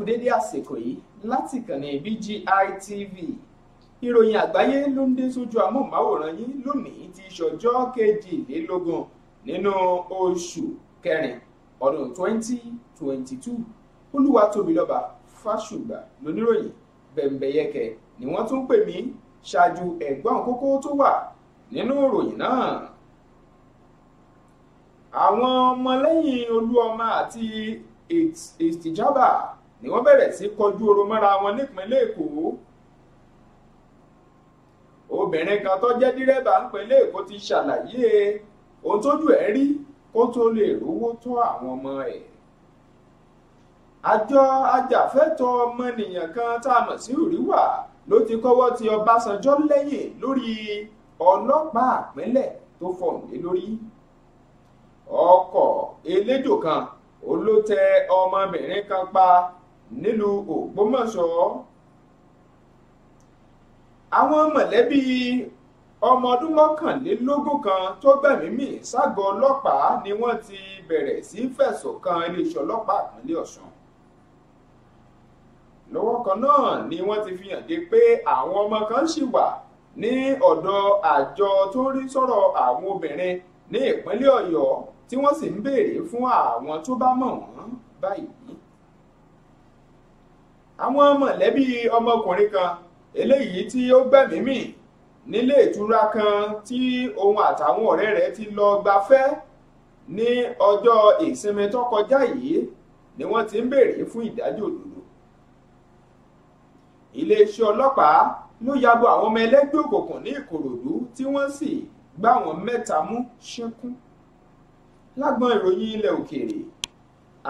kú dédé àsìkò yìí láti kànnì BGI TV ìròyìn àgbáyé ló ń dé sójú amóhùnmáwòrán yín lónìí ti ṣọjọ́ kejìlélógún nínú oṣù kẹrin ọdún 2022 olúwatóbilọ́ba fásùgbà lóníròyìn bẹ̀m̀bẹ̀yẹkẹ ni wọ́n tún pè mí ṣáájú ẹ̀gbọ́n kókó tó wà nínú ìròyìn náà àwọn ọmọlẹ́yìn olúọmọ àti ìtìjábà ni wọ́n bẹ̀rẹ̀ sí kọjú oró mọ́ra wọn nípínlẹ̀ èkó obìnrin kan tó jẹ́ dírẹ́bà nípínlẹ̀ èkó ti ṣàlàyé ohun tójú ẹ̀ rí kó tó lè rówó tọ́ àwọn ọmọ ẹ̀ àjọ ajàfẹ́tọ̀ọ́ ọmọnìyàn kan tá a mọ̀ sí òríwà ló ti kọ́wọ́ ti ọbásanjọ́ lẹ́yìn lórí ọlọ́pàá àpínlẹ̀ tó fọ̀nlé lórí ọkọ̀ elédò kan ó ọmọbìnrin kan pa nílùú Ògbómọ̀ṣọ́ àwọn mọ̀lẹ́bí ọmọ ọdún mọ́kànlélógún kan tó gbẹ̀mí mì ságọ́ ọlọ́pàá ni wọ́n ti bẹ̀rẹ̀ sí fẹ̀sùn kan iléeṣẹ́ ọlọ́pàá ìpínlẹ̀ Ọ̀ṣun lọ́wọ́ kan náà ni wọ́n ti fi hànde pé àwọn ọmọ kan ṣì wà ní ọ̀dọ̀ àjọ tó ń rí sọ̀rọ̀ àwọn obìnrin ní ìpínlẹ̀ Ọ̀yọ́ tí wọ́n sì ń béèrè fún àwọn tó bá mọ̀ wọ́n báyìí àwọn mọ̀lẹ́bí ọmọkùnrin kan eléyìí tí ó gbẹ̀mí mì nílé ìtura kan tí òun àtàwọn ọ̀rẹ́ rẹ̀ ti lọ gbafẹ́ ní ọjọ́ ìsinmi tó kọjá yìí ni wọ́n ti ń béèrè fún ìdájọ́ òdodo iléeṣẹ́ ọlọ́pàá ló yabo àwọn ọmọ ẹlẹ́gbẹ́ òkùnkùn ní Ìkòròdú tí wọ́n sì gbá wọn mẹ́ta mú ṣínkún lágbọn ìròyìn ilẹ̀ òkèèrè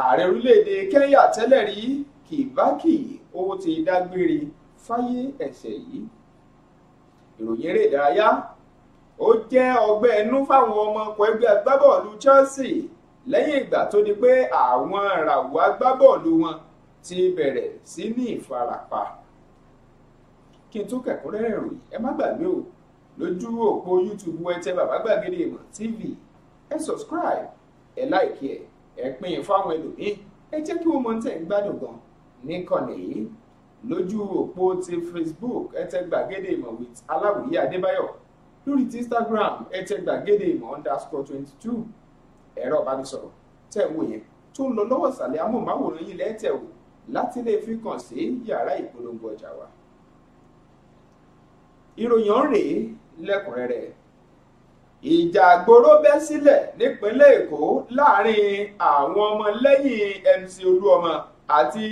ààrẹ orílẹ̀-èdè Kẹ́ńyà tẹ́lẹ̀ rí Kibaki ó ti dágbére fáyé ẹ̀ṣẹ̀ yìí ìròyìn eré ìdárayá ó jẹ́ ọgbẹ́ inú fáwọn ọmọ ọkọ̀ ẹgbẹ́ agbábọ́ọ̀lù Chelsea lẹ́yìn ìgbà tó di pé àwọn ìràwọ̀ agbábọ́ọ̀lù wọn ti bẹ̀rẹ̀ sí ní ìfarapa kí n tún kẹ̀kúnrẹ́rẹ́ ìròyìn ẹ má gbàgbé o lójú òpó YouTube ẹ tẹ bàbá gbàgede ìmọ̀ TV ẹ subscribe ẹ like ẹ ẹ pín in fáwọn ẹlòmíín ẹ jẹ́ kí wọ́n mọ̀ ní tẹ̀ ń gbádùn gan níkànnì yìí lójú òpó ti Facebook ẹ tẹ gbàgede ìmọ̀ with aláwìyé adébáyọ̀ lórí ti Instagram ẹ tẹ gbàgede ìmọ̀ underscore twenty two ẹ̀rọ ìbánisọ̀rọ̀ tẹ̀ wò yẹn tó ń lọ lọ́wọ́ ìsàlẹ̀ amóhùnmáwòrán yìí lẹ́tẹ̀ wò láti lè fi kàn sí yàrá ìpolongo ọjà wa. ìròyìn ọ̀rẹ́ lẹ́kùnrẹ́rẹ́ ìjà àgbòrò bẹ́ sílẹ̀ nípínlẹ̀ èkó láàrin àwọn ọmọlẹ́yìn MC olúọmọ àti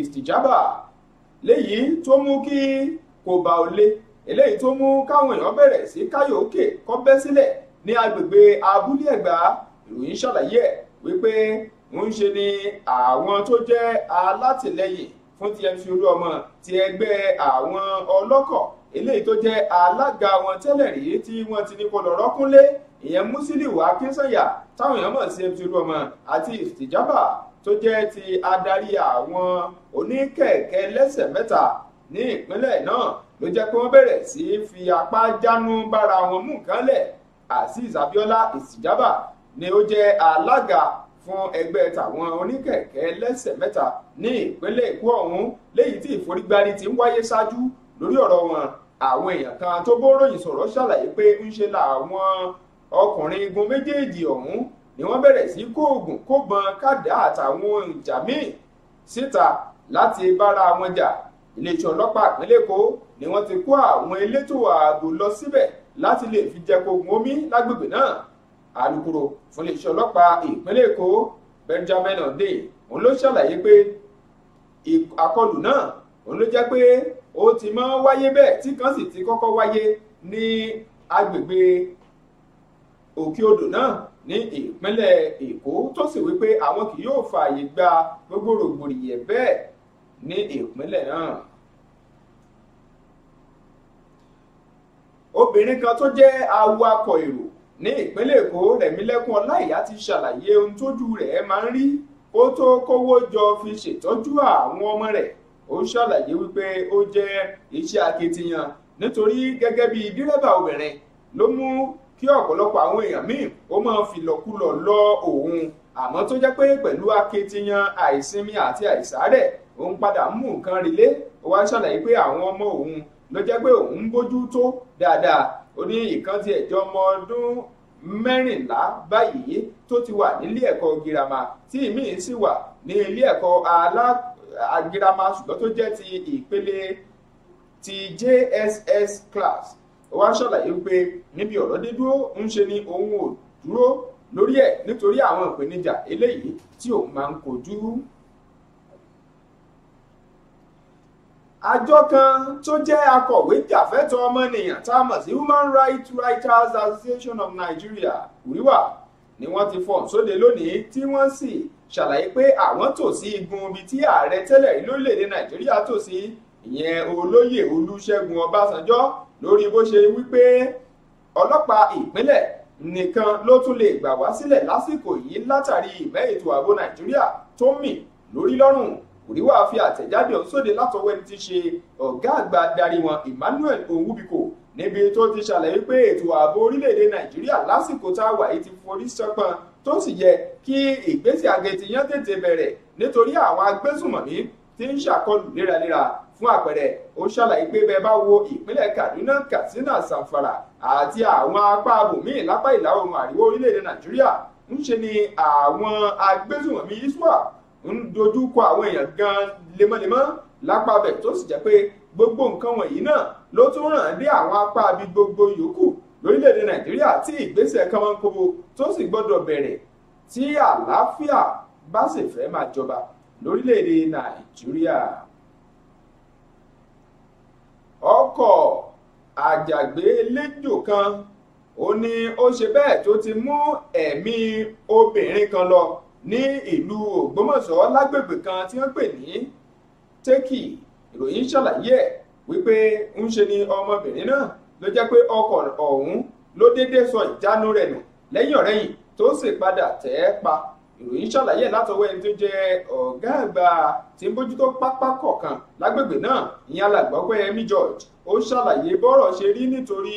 ìtìjábà léyìí tó mú kí kò bá ò le eléyìí tó mú káwọn èèyàn bẹ̀rẹ̀ sí káyọ̀ọ́kè kọ́ bẹ́ sílẹ̀ ní agbègbè abúlé ẹ̀gbá ìròyìn ṣàlàyé ẹ̀ wípé ń ṣe ni àwọn tó jẹ́ alátìlẹyìn fún ti olúọmọ ti ẹgbẹ́ àwọn ọlọ́kọ̀ eléyìí tó jẹ́ alága wọn tẹ́lẹ̀ rí tí wọ́n ti ní kó lọ rọ́kúnlé ìyẹn Musiliu Akínsànyà táwọn èèyàn mọ̀ sí Mc Olúọmọ àti Ìtìjábà tó jẹ́ ti adarí àwọn oníkẹ̀kẹ́ lẹ́sẹ̀ mẹ́ta ní ìpínlẹ̀ náà ló jẹ́ pé wọ́n bẹ̀rẹ̀ sí í fi apá jánu bára wọn mú nǹkan lẹ̀ Azeez Abiola Ìtìjábà ni ó jẹ́ alága fún ẹgbẹ́ tàwọn oníkẹ̀kẹ́ lẹ́sẹ̀ mẹ́ta ní ìpínlẹ̀ Èkó ọ̀hún léyìí tí ìforígbárí ti ń wáyé ṣáájú lórí ọ̀rọ̀ wọn àwọn èèyàn kan tó bóròyìn sọ̀rọ̀ ṣàlàyé pé ń ṣe làwọn ọkùnrin igun méjèèjì ọ̀hún ni wọ́n bẹ̀rẹ̀ sí kóògùn kóbọn kádà àtàwọn ìjà míì síta láti bára wọn jà iléeṣẹ́ ọlọ́pàá ìpínlẹ̀ Èkó ni wọ́n ti kó àwọn elétò ààbò lọ síbẹ̀ láti lè fi jẹ kogun omi lágbègbè náà alukoro fún iléeṣẹ́ ọlọ́pàá ìpínlẹ̀ Èkó Benjamin Hundeyin òun ló ṣàlàyé pé àkọlù náà òun ló jẹ́ pé ó ti máa ń wáyé bẹ́ẹ̀ tí kan sì ti kọ́kọ́ wáyé ní agbègbè òkè odò náà ní ìpínlẹ̀ èkó tó sì wípé àwọn kì yóò fààyè gba gbogbo rògbòdìyẹ bẹ́ẹ̀ ní ìpínlẹ̀ náà. obìnrin kan tó jẹ́ awakọ̀ èrò ní ìpínlẹ̀ èkó rẹ̀mílẹ́kùn ọláìyá ti ṣàlàyé ohun tójú rẹ̀ máa ń rí kó tó kówó jọ fi ṣètọ́jú àwọn ọmọ rẹ̀ ó ṣàlàyé wípé ó jẹ́ iṣẹ́ akitiyan nítorí gẹ́gẹ́ bí dírẹ́bà obìnrin ló mú kí ọ̀pọ̀lọpọ̀ àwọn èèyàn míì ó máa filọ̀kulọ̀ lọ òun àmọ́ tó jẹ́ pé pẹ̀lú akitiyan àìsinmi àti àìsàárẹ̀ òun padà mú nǹkan rílé ó wá ṣàlàyé pé àwọn ọmọ òun ló jẹ́ pé òun ń bójú tó dáadáa ó ní ìkan ti ẹ̀jọ́ ọmọ ọdún mẹ́rìnlá báyìí tó ti wà nílé ẹ̀kọ́ girama tí ìmíì sì wà ní ilé ẹ̀kọ́ alákọ̀ọ́ girama ṣùgbọ́n tó jẹ́ ti ìpele ti JSS class ó wá ń ṣàlàyé pé níbi ọ̀rọ̀ dé dúró ń ṣe ni òun ò dúró lórí ẹ̀ nítorí àwọn ìpèníjà eléyìí tí òun máa ń kojú. àjọ kan tó jẹ́ akọ̀wé jàfẹ́tọ̀ọ́ ọmọnìyàn tá a mọ̀ sí Human Rights Writers Association of Nigeria uriwa ni wọ́n ti fọ̀n sóde lónìí tí wọ́n sì ṣàlàyé pé àwọn tò sí igun ibi tí ààrẹ tẹ́lẹ̀ rí lórílẹ̀‐èdè nàìjíríà tò sí ìyẹn olóyè olúṣẹ́gun ọbásanjọ́ lórí bó ṣe wípé ọlọ́pàá ìpínlẹ̀ nìkan ló tún lè gbà wá sílẹ̀ lásìkò yìí látàrí ìmẹ́ ètò ààbò nàìjíríà tó mì lórí lọ́rùn òríwá fi àtẹ̀jáde ọ̀hún sóde látọwọ́ ẹni tí ṣe ọ̀gá àgbà adarí wọn Emmanuel Onwubiko níbi tó ti ṣàlàyé pé ètò ààbò orílẹ̀-èdè nàìjíríà lásìkò tá a wà yìí ti forí sánpọ́n tó sì yẹ kí ìgbésẹ̀ akitiyan tètè bẹ̀rẹ̀ nítorí àwọn agbésùmọ̀mí tí ń ṣàkọlù léraléra fún àpẹẹrẹ ó ṣàlàyé pé bẹ́ẹ̀ bá wo ìpínlẹ̀ Kaduna Katsina Zamfara àti àwọn apá abòmíì lápá ìlà oòrùn àríwá orílẹ̀-èdè Nàìjíríà ń ṣe ni àwọn agbésùmọ̀mí iswap ń dojú kọ àwọn èèyàn gan lemọ́lemọ́ lápá bẹ̀ tó sì jẹ́ pé gbogbo nǹkan wọ̀nyí náà ló tún ràn dé àwọn apá bí gbogbo yòókù lórílẹ̀‐èdè nàìjíríà tí ìgbésẹ̀ kánmọ́nkóbo tó sì gbọ́dọ̀ bẹ̀rẹ̀ tí àlàáfíà bá sì fẹ́ máa jọba lórílẹ̀‐èdè nàìjíríà. ọkọ̀ àjàgbé lẹ́jọ́ kan ó ní ó ṣe bẹ́ẹ̀ tó ti mú ẹ̀mí obìnrin kan lọ ní ìlú ògbómọ̀ṣọ́ lágbègbè kan tí wọ́n pè ní tẹ́kì ìròyìn ṣàlàyé ẹ̀ wípé ń ṣe ni ọmọbìnrin náà ló jẹ́ pé ọkọ̀ ọ̀hún ló déédéé sọ ìjánu rẹ̀ nù lẹ́yìn ọ̀rẹ́yìn tó sì padà tẹ̀ ẹ́ pa ìròyìn ṣàlàyé látọwọ́ ẹni tó jẹ́ ọ̀gá àgbà tí ń bójútó pápá kọ̀ọ̀kan lágbègbè náà ìyẹn alàgbà Ọpẹ́yẹmí George ó ṣàlàyé bọ́rọ̀ ṣe rí nítorí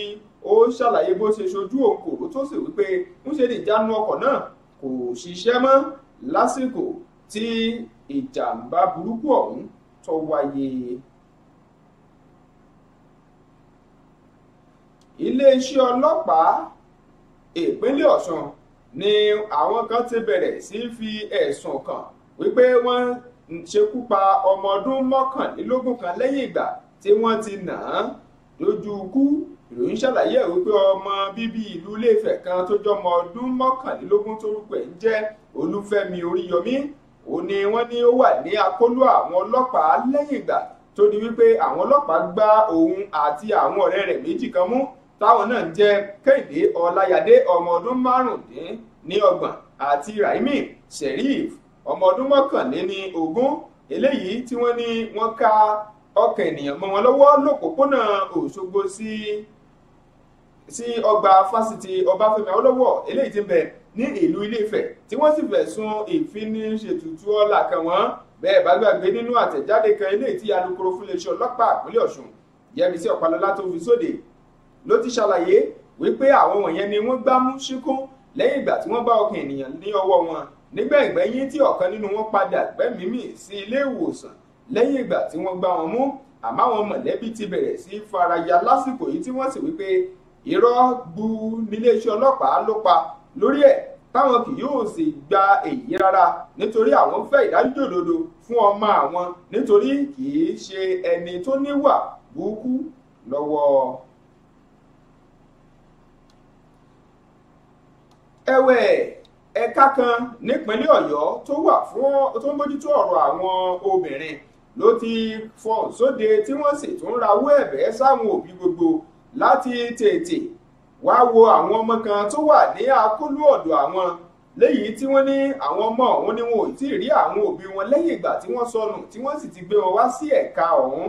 ó ṣàlàyé bó ṣe ṣojú òǹkòrò tó sì wípé ń ṣe lè jánu ọkọ̀ náà kò ṣiṣẹ́ mọ́ lásìkò tí ìjàmbá burúkú ọ̀hún tó wáyé. iléeṣẹ́ ọlọ́pàá ìpínlẹ̀ Ọ̀ṣun ni àwọn kan ti bẹ̀rẹ̀ sí í fi ẹ̀sùn kàn wípé wọ́n ń ṣekú pa ọmọ ọdún mọ́kànlélógún kan lẹ́yìn ìgbà tí wọ́n ti nà án lójú ikú ìròyìn ṣàlàyé wípé ọmọ bíbí ìlú Ilé-Ifẹ̀ kan tó jọmọ ọdún mọ́kànlélógún torúkọ ẹ̀ ń jẹ́ Olúfẹ́mi Oríyọmí ó ní wọ́n ní ó wà ní akólú àwọn ọlọ́pàá lẹ́yìn ìgbà tó di wípé àwọn ọlọ́pàá gbá òun àti àwọn ọ̀rẹ́ rẹ̀ méjì kan mú táwọn náà ń jẹ́ Kẹ́hìndé Ọláyàdé ọmọ ọdún márùndínlọ́gbọ̀n àti Raimi Sheriff ọmọ ọdún mọ́kànléní ogún eléyìí tí wọ́n ní wọ́n ká ọkàn ènìyàn mọ́ wọn lọ́wọ́ lópòpónà Òṣogbo sí sí ọgbà fásitì Ọbáfẹ́mi Awólọ́wọ̀ eléyìí tí ń bẹ ní ìlú Ilé-Ifẹ̀ tí wọ́n sì fẹ̀sùn ìfiniṣètùtù ọlà kan wọ́n bẹ́ẹ̀ bá gbàgbé nínú àtẹ̀jáde kan eléyìí tí alukoro fúnléṣẹ́ ọlọ́pàá ìpínlẹ̀ Ọ̀ṣun Yẹmisí Ọ̀pálọ́lá tó fi sóde ló ti ṣàlàyé wípé àwọn wọ̀nyẹn ni wọ́n gbá mú ṣíkún lẹ́yìn ìgbà tí wọ́n bá ọkàn ènìyàn ní ọwọ́ wọn nígbẹ̀yìngbẹ́yín tí ọ̀kan nínú wọn padà gbẹ́mìí mì sí ilé ìwòsàn lẹ́yìn ìgbà tí wọ́n gbá wọn mú àmọ́ àwọn mọ̀lẹ́bí ti bẹ̀rẹ̀ sí faraya lásìkò yìí tí wọ́n sì wípé irọ́ gbu níléeṣẹ́ ọlọ́pàá ló pa lórí ẹ̀ táwọn kì yóò sì gba èyí rárá nítorí àwọn fẹ́ ìdájọ́ òdodo fún ọmọ àwọn nítorí kì í ṣe ẹni tó níwà burúkú lọ́wọ́. ẹ̀wẹ̀ ẹ̀ka kan nípínlẹ̀ ọ̀yọ́ tó wà fún tó ń bójútó ọ̀rọ̀ àwọn obìnrin ló ti fọhùn sóde tí wọ́n sì tún rawọ́ ẹ̀bẹ̀ sáwọn òbí gbogbo láti tètè wá wo àwọn ọmọ kan tó wà ní akólú ọ̀dọ̀ àwọn léyìí tí wọ́n ní àwọn ọmọ ọ̀hún ni wọn ò tí ì rí àwọn òbí wọn lẹ́yìn ìgbà tí wọ́n sọnù tí wọ́n sì ti gbé wọn wá sí ẹ̀ka ọ̀hún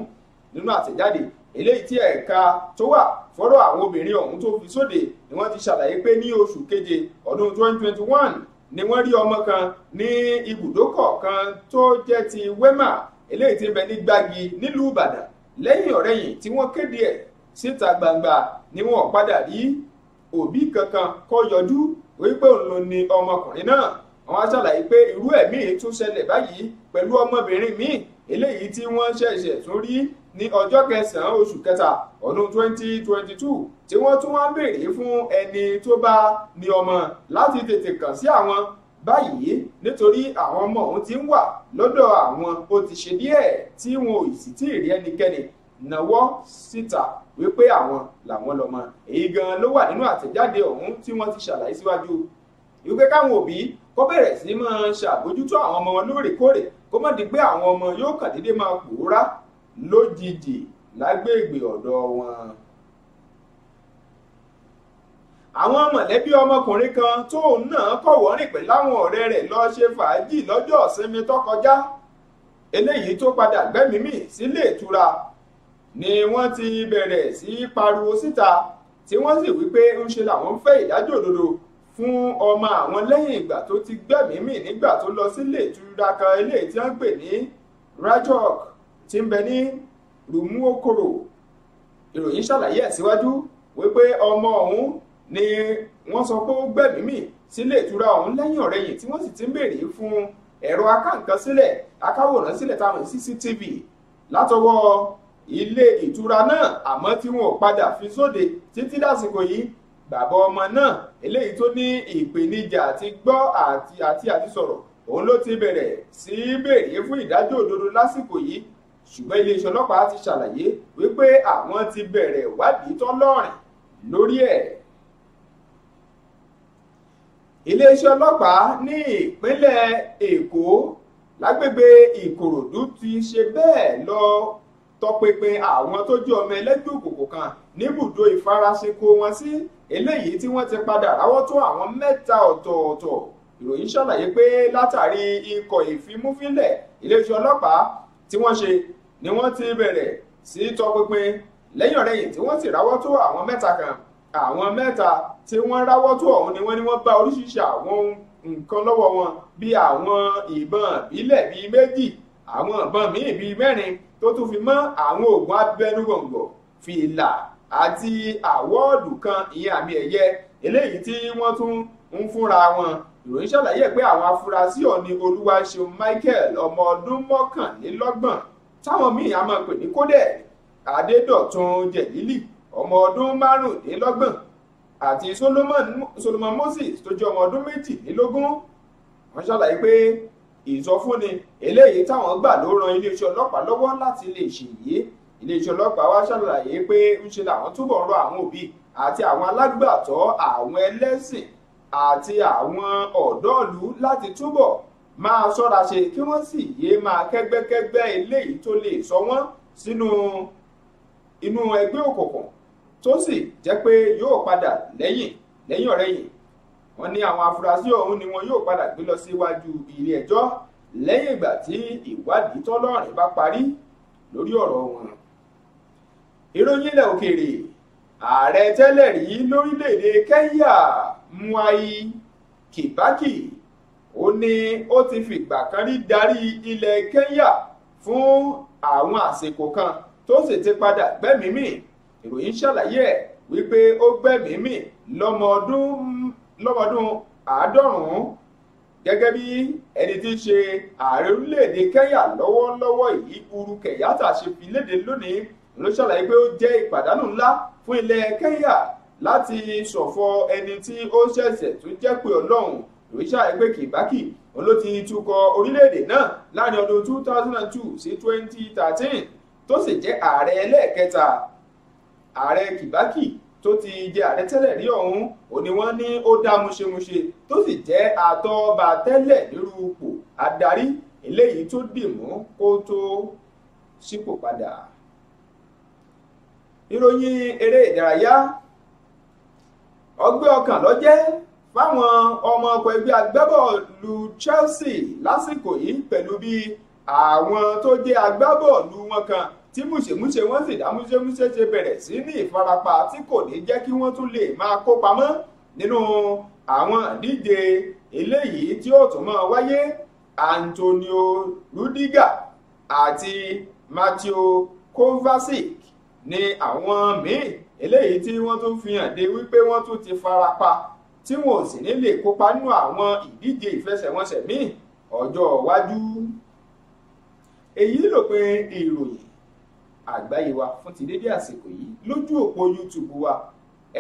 nínú àtẹ̀jáde eléyìí tí ẹ̀ka tó wà fọ́rọ̀ àwọn obìnrin ọ̀hún tó fi sóde ni wọ́n ti ṣàlàyé pé ní oṣù keje ọdún 2021 ni wọ́n rí ọmọ kan ní ibùdókọ̀ kan tó jẹ́ ti wema eléyìí tí ń bẹ ní gbági nílùú ìbàdàn lẹ́yìn ọ̀rẹ́yìn tí wọ́n kéde ẹ̀ síta gbangba ni wọ́n padà rí òbí kankan kọ́ yọjú wípé òun ló ni ọmọkùnrin náà wọ́n á ṣàlàyé pé irú ẹ̀mí tún ṣẹlẹ̀ báyìí pẹ̀lú ọmọbìnrin míì eléyìí tí wọ́n ṣẹ̀ṣẹ̀ tún rí ní ọjọ́ kẹsàn-án oṣù kẹta ọdún 2022 tí wọ́n tún wá ń béèrè fún ẹni tó bá ní ọmọ láti tètè kàn sí àwọn báyìí nítorí àwọn ọmọ òun ti ń wà lọ́dọ̀ àwọn ó ti ṣe díẹ̀ tí wọn ò sì tí ì rí ẹnikẹ́ni náwó síta wípé àwọn làwọn lọ́mọ èyí gan ló wà nínú àtẹ̀jáde ọ̀hún tí wọ́n ti ṣàlàyé síwájú wípé káwọn òbí kó bẹ̀rẹ̀ sí máa ṣàbójútó àwọn ọmọ wọn lóòrèkóòrè kó má di pé àwọn ọmọ yóò kàn déédé máa pòórá lójijì lágbègbè ọ̀dọ̀ wọn. àwọn mọ̀lẹ́bí ọmọkùnrin kan tóun náà kọ̀wọ́ rìn pẹ̀lú àwọn ọ̀rẹ́ rẹ̀ lọ ṣe fàájì lọ́jọ́ ìsinmi tó kọjá eléyìí tó padà gbẹ́mìí sílé ìtura ni wọ́n ti bẹ̀rẹ̀ sí í pariwo síta tí wọ́n sì wí pé ń ṣe làwọn fẹ́ ìdájọ́ òdodo fún ọmọ àwọn lẹ́yìn ìgbà tó ti gbẹ́mìí mì nígbà tó lọ sílé ìtura kan eléyìí tí wọ́n pè ní Rajok tí ń bẹ ní Rumuokoro ìròyìn ṣàlàyé ẹ̀ síwájú wípé ọmọ ọ̀hún ni wọ́n sọ pé ó gbẹ̀mí mì sílé ìtura ọ̀hún lẹ́yìn ọ̀rẹ́yìn tí wọ́n sì ti ń béèrè fún ẹ̀rọ akáǹkan sílẹ̀ akáwòrán sílẹ̀ táwọn CCTV látọwọ́ ilé ìtura náà àmọ́ tí wọn ò padà fi sóde títí dàsìkò yìí bàbá ọmọ náà eléyìí tó ní ìpèníjà àti gbọ́ àti àti àti sọ̀rọ̀ òun ló ti bẹ̀rẹ̀ sí í béèrè fún ìdájọ́ òdodo lásìkò yìí ṣùgbọ́n iléeṣẹ́ ọlọ́pàá ti ṣàlàyé wípé àwọn ti bẹ̀rẹ̀ ìwádìí tọ́lọ́rìn lórí ẹ̀. iléeṣẹ́ ọlọ́pàá ní ìpínlẹ̀ èkó lágbègbè ìkòròdú ti ṣe bẹ́ẹ̀ lọ tọpinpin àwọn tó jẹ́ ọmọ ẹlẹ́gbẹ́ òkùnkùn kan níbùdó ìfarasin kó wọn sí eléyìí tí wọ́n ti padà ráwọ́ tó àwọn mẹ́ta ọ̀tọ̀ọ̀tọ̀ ìròyìn ṣàlàyé pé látàrí ikọ̀ ìfimúfínlẹ̀ iléeṣẹ́ ọlọ́pàá tí wọ́n ṣe ni wọ́n ti bẹ̀rẹ̀ sí tọpinpin lẹ́yìn ọ̀rẹ́yìn tí wọ́n sì ráwọ́ tó àwọn mẹ́ta kan àwọn mẹ́ta tí wọ́n ráwọ́ tó ọ̀hún ni wọ́n ní wọ́n bá oríṣiríṣi àwọn nǹkan lọ́wọ́ wọn bí àwọn ìbọn ìbílẹ̀ bíi méjì àwọn ìbọn míì bíi mẹ́rin tó tún fi mọ́ àwọn oògùn abẹnugọ̀ngọ̀ fìlà àti àwọ́ọ̀dù kan ìyẹn àmì ẹ̀yẹ eléyìí tí wọ́n tún ń fúnra wọn ìròyìn ṣàlàyé pé àwọn afurasí ọ̀ni olúwaṣeun michael ọmọ ọdún mọ́kànlélọ́gbọ̀n táwọn míì á máa pè ní kódẹ̀ adédọ̀tun jẹ̀lílì ọmọ ọdún márùndínlọ́gbọ̀n àti solomon solomon moses tó jẹ́ ọmọ ọdún méjìlélógún wọ́n ṣàlàyé pé ìsọfúnni eléyìí táwọn gbà ló ran iléeṣẹ́ ọlọ́pàá lọ́wọ́ láti lè ṣèyí iléeṣẹ́ ọlọ́pàá wá ṣàlàyé pé ńṣe làwọn túbọ̀ rọ àwọn òbí àti àwọn alágbàtọ́ àwọn ẹlẹ́sìn àti àwọn ọ̀dọ́ọ̀lú láti túbọ̀ máa ṣọ́ra ṣe kí wọ́n sì yé máa kẹ́gbẹ́kẹ́gbẹ́ eléyìí tó lè sọ wọ́n sínú inú ẹgbẹ́ òkùnkùn tó sì jẹ́ pé yóò padà lẹ́yìn lẹ́yìn ọ̀rẹ́yìn wọ́n ní àwọn afurasí ọ̀hún ni wọn yóò padà gbé lọ síwájú ilé ẹjọ́ lẹ́yìn ìgbà tí ìwádìí tọ́lọ́rìn bá parí lórí ọ̀rọ̀ wọn ìròyìn ilẹ̀ òkèèrè ààrẹ tẹ́lẹ̀ rí lórílẹ̀‐èdè kẹ́ńyà mwai kibaki ó ní ó ti fìgbà kan rí darí ilẹ̀ kẹ́ńyà fún àwọn àsìkò kan tó sì ti padà gbẹ́mìí mì ìròyìn ṣàlàyé ẹ̀ wípé ó gbẹ́mìí mì lọ́mọdún àádọ́rùn-ún gẹ́gẹ́ bí ẹni tí í ṣe ààrẹ orílẹ̀-èdè kẹ́ńyà lọ́wọ́lọ́wọ́ yìí Uhuru Kenyatta ṣe fi léde lónìí ló ṣàlàyé pé ó jẹ́ ìpàdánù ńlá fún ilẹ̀ Kenya láti ṣọ̀fọ̀ ẹni tí ó ṣẹ̀ṣẹ̀ tó jẹ́ pé ọlọ́run lòíṣà ẹgbẹ́ kìbákì òun ló ti tukọ̀ orílẹ̀-èdè náà láàrin ọdún 2002 sí 2013 tó sì jẹ́ ààrẹ ẹlẹ́ẹ̀kẹta ààrẹ kìbákì tó ti jẹ ààrẹ tẹ́lẹ̀ rí ọ̀hún ò ní wọ́n ní ó dá muṣemuṣe tó sì jẹ́ àtọ́ba tẹ́lẹ̀ nírú ipò adarí eléyìí tó dì mú kó tó sípò padà ìròyìn eré ìdárayá ọgbẹ́ ọkàn ló jẹ́ fáwọn ọmọ ọkọ̀ ẹgbẹ́ agbábọ́ọ̀lù Chelsea lásìkò yìí pẹ̀lú bí àwọn tó jẹ́ agbábọ́ọ̀lù wọn kan tí múṣemúṣe wọn sì dá múṣemúṣe ṣe bẹ̀rẹ̀ sí ní ìfarapa tí kò ní jẹ́ kí wọ́n tún lè máa kópa mọ́ nínú àwọn ìdíje eléyìí tí ó tún máa wáyé Antonio Rudiger àti Matteo Kovacic ni àwọn míì eléyìí tí wọ́n tún fi hàn dé wípé wọ́n tún ti farapa tí wọn ò sì ní lè kópa nínú àwọn ìdíje ìfẹsẹ̀wọnsẹ̀ míì ọjọ́ iwájú èyí lópin ìròyìn àgbáyé wa fún ti dédé àsìkò yìí lójú òpó YouTube wa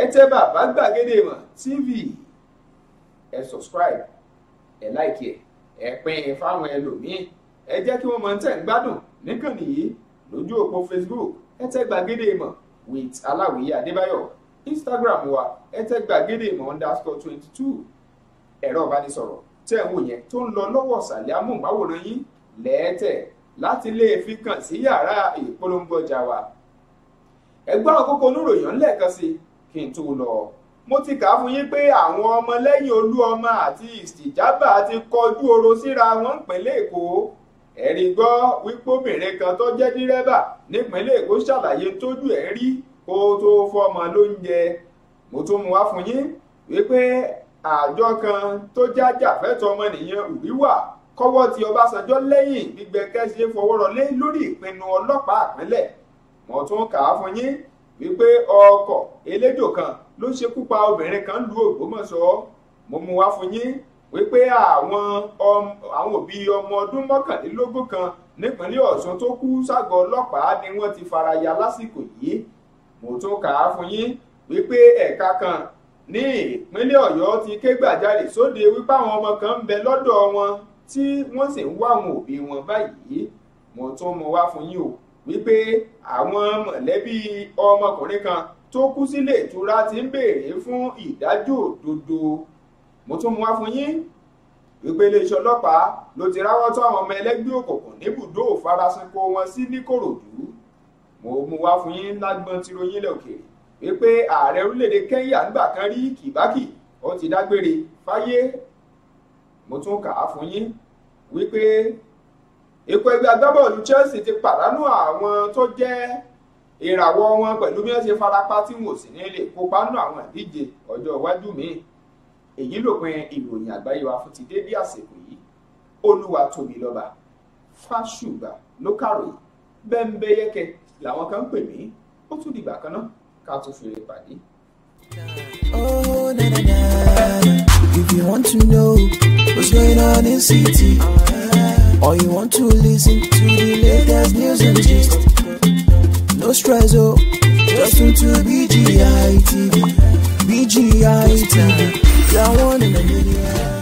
ẹ tẹ bàbá gbàgede mọ̀ TV ẹ subscribe ẹ like ẹ ẹ pín fáwọn ẹlòmíín ẹ jẹ́ kí wọ́n mọ̀ ń tẹ̀ ń gbádùn níkànnì yìí lójú òpó Facebook ẹ tẹ gbàgede ìmọ̀ with aláwìyé adébáyọ̀ instagram wa ẹ tẹ gbàgede ìmọ̀ underscore twenty two ẹ̀rọ ìbánisọ̀rọ̀ tẹ̀ ń wò yẹn tó ń lọ lọ́wọ́ ọ̀sàlẹ̀ amóhùnmáwòrán yín lẹ́ẹ̀tẹ̀ láti lè fi kàn sí yàrá ìpolongo ọjà wa ẹgbọ́n àkókò oníròyìn ńlẹ̀kan sí kí n tó lọ mo ti kà á fún yín pé àwọn ọmọlẹ́yìn olú ọmọ àti ìsìjábà ti kọjú oro síra wọn ń èkó ẹ̀rí gbọ́ wípóbìnrin kan tó jẹ́ dírẹ́bà nípínlẹ̀ èkó ṣàlàyé tójú ẹ̀ rí kó tó fọmọ lóúnjẹ mo tún mú wá fún yín wípé àjọ kan tó jájà fẹ́tọ̀ ọmọnìyàn òwíwà kọ́wọ́ ti ọbásanjọ́ lẹ́yìn gbígbẹ́kẹ́sí fọwọ́rọ́lé lórí ìpinnu ọlọ́pàá ìpínlẹ̀ mo tún kà á fún yín wípé ọkọ̀ elédò kan ló ṣekú pa obìnrin kan lu Ògbómọ̀ṣọ́ mo mú wá fún yín wípé àwọn àwọn òbí ọmọ ọdún mọ́kànlélógún kan nípínlẹ̀ Ọ̀ṣun tó kú ságọ́ ọlọ́pàá ni wọ́n ti faraya lásìkò yìí mo tún kà á fún yín wípé ẹ̀ka kan ní ìpínlẹ̀ Ọ̀yọ́ ti ké gbàjarè sóde wípé àwọn ọmọ kan ń bẹ lọ́dọ̀ wọn tí wọ́n sì ń wá àwọn òbí wọn báyìí mo tún mọ wá fún yín o wípé àwọn mọ̀lẹ́bí ọmọkùnrin kan tó kú sílé ìtura ti ń béèrè fún ìdájọ́ òdodo mo tún mú wá fún yín wípé iléeṣẹ́ ọlọ́pàá ló ti ráwọ́ tó àwọn ọmọ ẹlẹ́gbẹ́ òkùnkùn níbùdó òfarasinko wọn sí nìkòròdú mo mú wá fún yín lágbọn tí ròyìn ilẹ̀ òkèèrè wípé ààrẹ orílẹ̀-èdè Kẹ́ńyà nígbà kan rí Kìbákì ó ti dágbére fáyé mo tún kà á fún yín wípé ikọ̀ ẹgbẹ́ agbábọ́ọ̀lù Chelsea ti pàdánù àwọn tó jẹ́ ìràwọ̀ wọn pẹ̀lú bí wọ́n ṣe farapa tí wọn ò sì ní lè kópa nínú àwọn ìdíje ọjọ́ iwájú míì èyí lópin ìròyìn àgbáyé wa fún ti dé bí àsìkò yìí olúwa tóbi lọ́ba fáṣùgbà ló kàròyìn bẹ́ńbẹ́yẹ́kẹ làwọn kan ń pè mí ó tún dìgbà kan náà ká tún fèrè pàdé. Oh, na, na, na. If you want to know what's going on in city, or you want to listen to the latest news and gist, no stress, oh, just tune to BGI TV, BGI TV. I want one in a million.